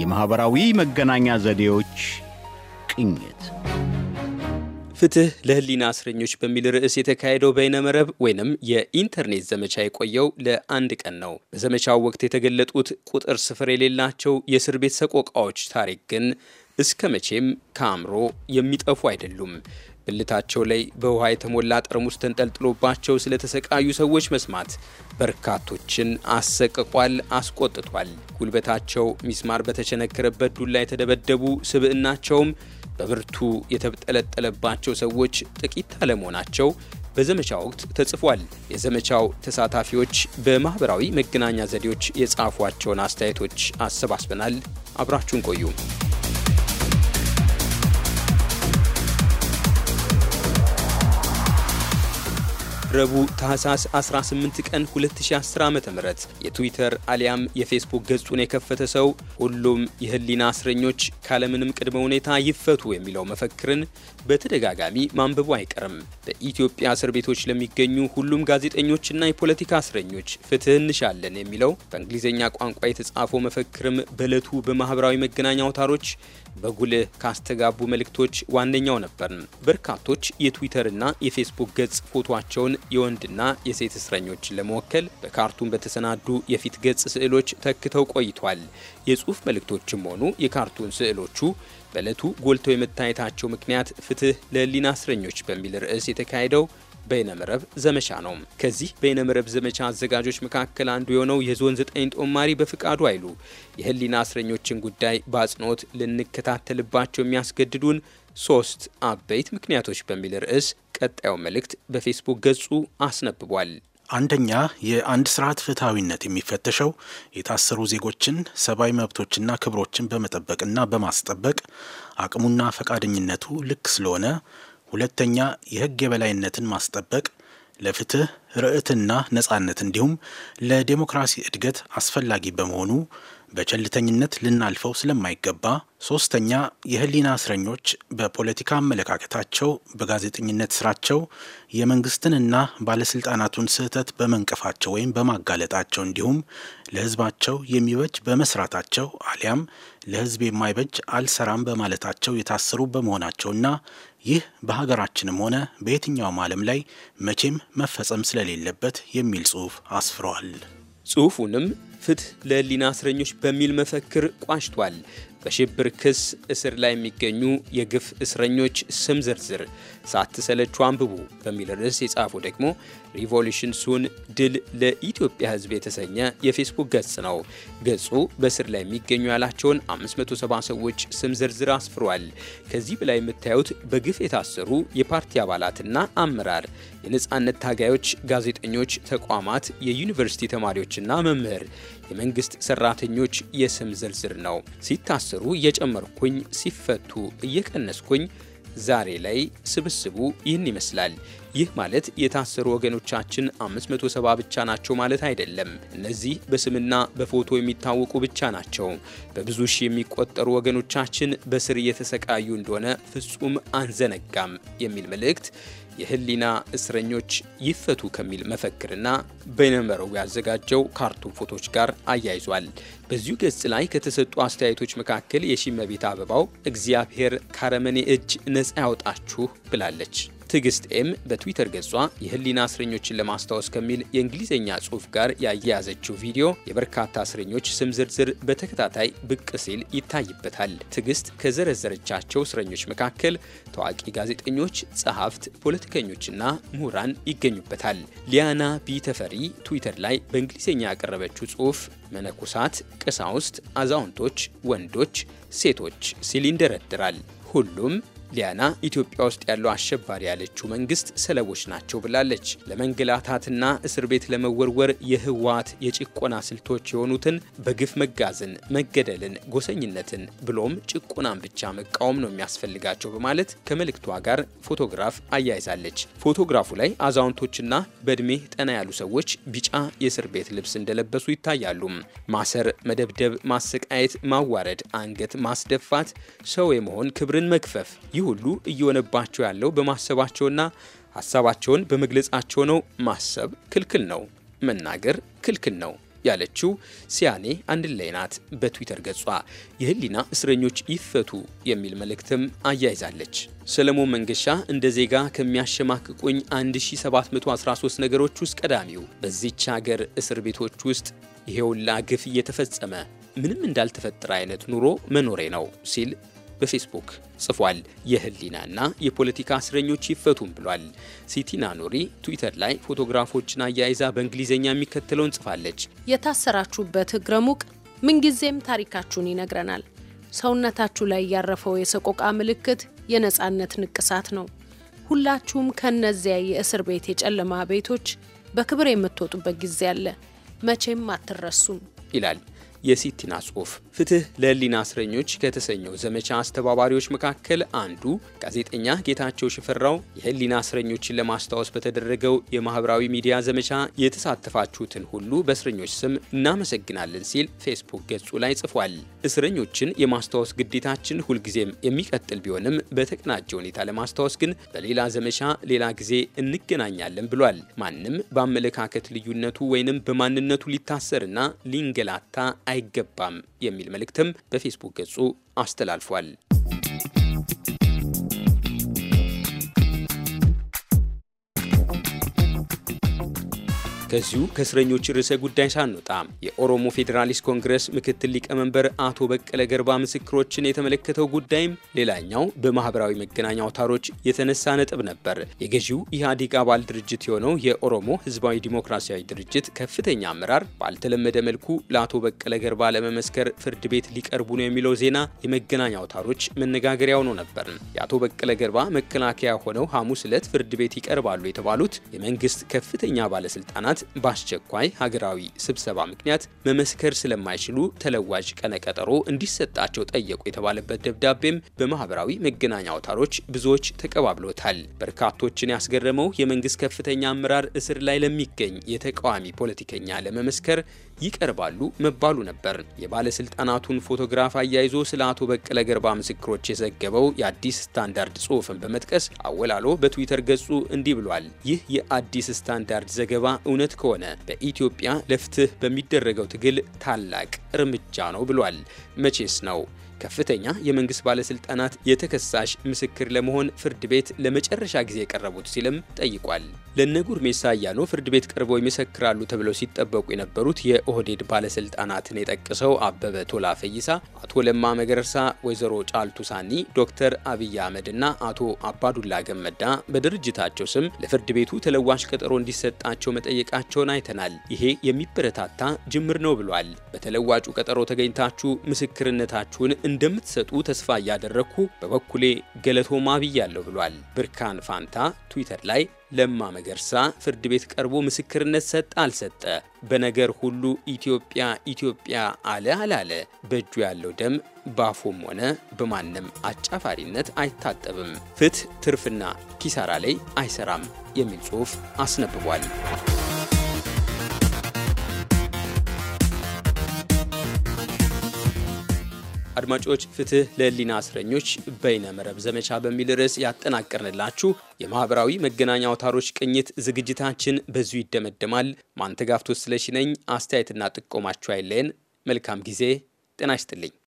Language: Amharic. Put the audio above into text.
የማኅበራዊ መገናኛ ዘዴዎች ቅኝት ፍትህ ለህሊና እስረኞች በሚል ርዕስ የተካሄደው በይነመረብ ወይንም የኢንተርኔት ዘመቻ የቆየው ለአንድ ቀን ነው። በዘመቻው ወቅት የተገለጡት ቁጥር ስፍር የሌላቸው የእስር ቤት ሰቆቃዎች ታሪክ ግን እስከ መቼም ከአእምሮ የሚጠፉ አይደሉም። ብልታቸው ላይ በውሃ የተሞላ ጠርሙስ ተንጠልጥሎባቸው ስለተሰቃዩ ሰዎች መስማት በርካቶችን አሰቅቋል፣ አስቆጥቷል። ጉልበታቸው ሚስማር በተቸነከረበት ዱላ የተደበደቡ ስብዕናቸውም በብርቱ የተጠለጠለባቸው ሰዎች ጥቂት አለመሆናቸው በዘመቻ ወቅት ተጽፏል። የዘመቻው ተሳታፊዎች በማኅበራዊ መገናኛ ዘዴዎች የጻፏቸውን አስተያየቶች አሰባስበናል። አብራችሁን ቆዩ። ረቡዕ ታህሳስ 18 ቀን 2010 ዓ.ም የትዊተር አሊያም የፌስቡክ ገጹን የከፈተ ሰው ሁሉም የህሊና እስረኞች ካለምንም ቅድመ ሁኔታ ይፈቱ የሚለው መፈክርን በተደጋጋሚ ማንበቡ አይቀርም። በኢትዮጵያ እስር ቤቶች ለሚገኙ ሁሉም ጋዜጠኞችና የፖለቲካ እስረኞች ፍትህ እንሻለን የሚለው በእንግሊዝኛ ቋንቋ የተጻፈው መፈክርም በዕለቱ በማህበራዊ መገናኛ አውታሮች በጉልህ ካስተጋቡ መልእክቶች ዋነኛው ነበር። በርካቶች የትዊተርና የፌስቡክ ገጽ ፎቶቸውን የወንድና የሴት እስረኞችን ለመወከል በካርቱን በተሰናዱ የፊት ገጽ ስዕሎች ተክተው ቆይቷል። የጽሁፍ መልእክቶችም ሆኑ የካርቱን ስዕሎቹ በእለቱ ጎልተው የመታየታቸው ምክንያት ፍትህ ለህሊና እስረኞች በሚል ርዕስ የተካሄደው በይነመረብ ዘመቻ ነው። ከዚህ በይነመረብ ዘመቻ አዘጋጆች መካከል አንዱ የሆነው የዞን ዘጠኝ ጦማሪ በፍቃዱ አይሉ የህሊና እስረኞችን ጉዳይ በአጽንኦት ልንከታተልባቸው የሚያስገድዱን ሶስት አበይት ምክንያቶች በሚል ርዕስ ቀጣዩ መልእክት በፌስቡክ ገጹ አስነብቧል። አንደኛ፣ የአንድ ስርዓት ፍትሐዊነት የሚፈተሸው የታሰሩ ዜጎችን ሰብአዊ መብቶችና ክብሮችን በመጠበቅና በማስጠበቅ አቅሙና ፈቃደኝነቱ ልክ ስለሆነ ሁለተኛ የህግ የበላይነትን ማስጠበቅ ለፍትህ ርዕትና ነጻነት እንዲሁም ለዴሞክራሲ እድገት አስፈላጊ በመሆኑ በቸልተኝነት ልናልፈው ስለማይገባ፣ ሶስተኛ የህሊና እስረኞች በፖለቲካ አመለካከታቸው፣ በጋዜጠኝነት ስራቸው የመንግስትንና ባለስልጣናቱን ስህተት በመንቀፋቸው ወይም በማጋለጣቸው እንዲሁም ለህዝባቸው የሚበጅ በመስራታቸው አሊያም ለህዝብ የማይበጅ አልሰራም በማለታቸው የታሰሩ በመሆናቸውና ይህ በሀገራችንም ሆነ በየትኛውም ዓለም ላይ መቼም መፈጸም ስለሌለበት የሚል ጽሑፍ አስፍረዋል። ጽሑፉንም ፍትህ ለህሊና እስረኞች በሚል መፈክር ቋጭቷል። በሽብር ክስ እስር ላይ የሚገኙ የግፍ እስረኞች ስም ዝርዝር ሳትሰለቹ አንብቡ በሚል ርዕስ የጻፈው ደግሞ ሪቮሉሽን ሱን ድል ለኢትዮጵያ ህዝብ የተሰኘ የፌስቡክ ገጽ ነው። ገጹ በእስር ላይ የሚገኙ ያላቸውን 570 ሰዎች ስም ዝርዝር አስፍሯል። ከዚህ በላይ የምታዩት በግፍ የታሰሩ የፓርቲ አባላትና አመራር፣ የነፃነት ታጋዮች፣ ጋዜጠኞች፣ ተቋማት፣ የዩኒቨርሲቲ ተማሪዎችና መምህር የመንግስት ሰራተኞች የስም ዝርዝር ነው። ሲታሰሩ እየጨመርኩኝ፣ ሲፈቱ እየቀነስኩኝ ዛሬ ላይ ስብስቡ ይህን ይመስላል። ይህ ማለት የታሰሩ ወገኖቻችን 570 ብቻ ናቸው ማለት አይደለም። እነዚህ በስምና በፎቶ የሚታወቁ ብቻ ናቸው። በብዙ ሺህ የሚቆጠሩ ወገኖቻችን በስር እየተሰቃዩ እንደሆነ ፍጹም አንዘነጋም የሚል መልእክት የህሊና እስረኞች ይፈቱ ከሚል መፈክርና በይነመረቡ ያዘጋጀው ካርቱን ፎቶች ጋር አያይዟል። በዚሁ ገጽ ላይ ከተሰጡ አስተያየቶች መካከል የሺመቤት አበባው እግዚአብሔር ካረመኔ እጅ ነፃ ያውጣችሁ ብላለች። ትዕግስት ኤም በትዊተር ገጿ የህሊና እስረኞችን ለማስታወስ ከሚል የእንግሊዝኛ ጽሑፍ ጋር ያያያዘችው ቪዲዮ የበርካታ እስረኞች ስም ዝርዝር በተከታታይ ብቅ ሲል ይታይበታል። ትዕግስት ከዘረዘረቻቸው እስረኞች መካከል ታዋቂ ጋዜጠኞች፣ ጸሐፍት፣ ፖለቲከኞችና ምሁራን ይገኙበታል። ሊያና ቢ ተፈሪ ትዊተር ላይ በእንግሊዝኛ ያቀረበችው ጽሑፍ መነኮሳት፣ ቀሳውስት፣ አዛውንቶች፣ ወንዶች፣ ሴቶች ሲል ይንደረድራል። ሁሉም ሊያና ኢትዮጵያ ውስጥ ያለው አሸባሪ ያለችው መንግስት ሰለቦች ናቸው ብላለች። ለመንገላታትና እስር ቤት ለመወርወር የህወሓት የጭቆና ስልቶች የሆኑትን በግፍ መጋዝን መገደልን፣ ጎሰኝነትን ብሎም ጭቆናን ብቻ መቃወም ነው የሚያስፈልጋቸው በማለት ከመልእክቷ ጋር ፎቶግራፍ አያይዛለች። ፎቶግራፉ ላይ አዛውንቶችና በእድሜ ጠና ያሉ ሰዎች ቢጫ የእስር ቤት ልብስ እንደለበሱ ይታያሉ። ማሰር፣ መደብደብ፣ ማሰቃየት፣ ማዋረድ፣ አንገት ማስደፋት፣ ሰው የመሆን ክብርን መክፈፍ ሁሉ እየሆነባቸው ያለው በማሰባቸውና ሀሳባቸውን በመግለጻቸው ነው። ማሰብ ክልክል ነው፣ መናገር ክልክል ነው ያለችው ሲያኔ አንድ ላይ ናት። በትዊተር ገጿ የህሊና እስረኞች ይፈቱ የሚል መልእክትም አያይዛለች። ሰለሞን መንገሻ እንደ ዜጋ ከሚያሸማቅቁኝ 1713 ነገሮች ውስጥ ቀዳሚው በዚች ሀገር እስር ቤቶች ውስጥ ይሄውላ ግፍ እየተፈጸመ ምንም እንዳልተፈጠረ አይነት ኑሮ መኖሬ ነው ሲል በፌስቡክ ጽፏል። የህሊናና የፖለቲካ እስረኞች ይፈቱም ብሏል። ሲቲና ኖሪ ትዊተር ላይ ፎቶግራፎችን አያይዛ በእንግሊዝኛ የሚከተለውን ጽፋለች። የታሰራችሁበት እግረ ሙቅ ምንጊዜም ታሪካችሁን ይነግረናል። ሰውነታችሁ ላይ ያረፈው የሰቆቃ ምልክት የነፃነት ንቅሳት ነው። ሁላችሁም ከነዚያ የእስር ቤት የጨለማ ቤቶች በክብር የምትወጡበት ጊዜ አለ። መቼም አትረሱም ይላል። የሲቲና ጽሁፍ ፍትህ ለህሊና እስረኞች ከተሰኘው ዘመቻ አስተባባሪዎች መካከል አንዱ ጋዜጠኛ ጌታቸው ሽፈራው የህሊና እስረኞችን ለማስታወስ በተደረገው የማህበራዊ ሚዲያ ዘመቻ የተሳተፋችሁትን ሁሉ በእስረኞች ስም እናመሰግናለን ሲል ፌስቡክ ገጹ ላይ ጽፏል። እስረኞችን የማስታወስ ግዴታችን ሁልጊዜም የሚቀጥል ቢሆንም በተቀናጀ ሁኔታ ለማስታወስ ግን በሌላ ዘመቻ ሌላ ጊዜ እንገናኛለን ብሏል። ማንም በአመለካከት ልዩነቱ ወይንም በማንነቱ ሊታሰርና ሊንገላታ አይ አይገባም የሚል መልእክትም በፌስቡክ ገጹ አስተላልፏል። ከዚሁ ከእስረኞች ርዕሰ ጉዳይ ሳንወጣ የኦሮሞ ፌዴራሊስት ኮንግረስ ምክትል ሊቀመንበር አቶ በቀለ ገርባ ምስክሮችን የተመለከተው ጉዳይም ሌላኛው በማህበራዊ መገናኛ አውታሮች የተነሳ ነጥብ ነበር። የገዢው ኢህአዴግ አባል ድርጅት የሆነው የኦሮሞ ህዝባዊ ዲሞክራሲያዊ ድርጅት ከፍተኛ አመራር ባልተለመደ መልኩ ለአቶ በቀለ ገርባ ለመመስከር ፍርድ ቤት ሊቀርቡ ነው የሚለው ዜና የመገናኛ አውታሮች መነጋገሪያ ሆኖ ነበር። የአቶ በቀለ ገርባ መከላከያ ሆነው ሐሙስ ዕለት ፍርድ ቤት ይቀርባሉ የተባሉት የመንግስት ከፍተኛ ባለስልጣናት ተቋማት በአስቸኳይ ሀገራዊ ስብሰባ ምክንያት መመስከር ስለማይችሉ ተለዋጭ ቀነቀጠሮ እንዲሰጣቸው ጠየቁ የተባለበት ደብዳቤም በማህበራዊ መገናኛ አውታሮች ብዙዎች ተቀባብሎታል። በርካቶችን ያስገረመው የመንግስት ከፍተኛ አመራር እስር ላይ ለሚገኝ የተቃዋሚ ፖለቲከኛ ለመመስከር ይቀርባሉ መባሉ ነበር። የባለስልጣናቱን ፎቶግራፍ አያይዞ ስለ አቶ በቀለ ገርባ ምስክሮች የዘገበው የአዲስ ስታንዳርድ ጽሑፍን በመጥቀስ አወላሎ በትዊተር ገጹ እንዲህ ብሏል። ይህ የአዲስ ስታንዳርድ ዘገባ እውነት እውነት ከሆነ በኢትዮጵያ ለፍትህ በሚደረገው ትግል ታላቅ እርምጃ ነው ብሏል። መቼስ ነው ከፍተኛ የመንግስት ባለስልጣናት የተከሳሽ ምስክር ለመሆን ፍርድ ቤት ለመጨረሻ ጊዜ የቀረቡት ሲልም ጠይቋል። ለነ ጉርሜሳ አያኖ ፍርድ ቤት ቀርበው ይመሰክራሉ ተብለው ሲጠበቁ የነበሩት የኦህዴድ ባለስልጣናትን የጠቅሰው አበበ ቶላ ፈይሳ፣ አቶ ለማ መገረሳ፣ ወይዘሮ ጫልቱ ሳኒ፣ ዶክተር አብይ አህመድ እና አቶ አባዱላ ገመዳ በድርጅታቸው ስም ለፍርድ ቤቱ ተለዋሽ ቀጠሮ እንዲሰጣቸው መጠየቃቸውን አይተናል። ይሄ የሚበረታታ ጅምር ነው ብሏል። በተለዋጩ ቀጠሮ ተገኝታችሁ ምስክርነታችሁን እንደምትሰጡ ተስፋ እያደረግኩ በበኩሌ ገለቶማ ብያለሁ ብሏል። ብርካን ፋንታ ትዊተር ላይ ለማ መገርሳ ፍርድ ቤት ቀርቦ ምስክርነት ሰጠ አልሰጠ፣ በነገር ሁሉ ኢትዮጵያ ኢትዮጵያ አለ አላለ፣ በእጁ ያለው ደም ባፎም ሆነ በማንም አጫፋሪነት አይታጠብም፣ ፍትህ ትርፍና ኪሳራ ላይ አይሰራም የሚል ጽሑፍ አስነብቧል። አድማጮች ፍትህ ለህሊና እስረኞች በይነ መረብ ዘመቻ በሚል ርዕስ ያጠናቀርንላችሁ የማኅበራዊ መገናኛ አውታሮች ቅኝት ዝግጅታችን በዚሁ ይደመደማል። ማንተጋፍቶ ስለሽነኝ አስተያየትና ጥቆማችሁ አይለየን። መልካም ጊዜ። ጤና ይስጥልኝ።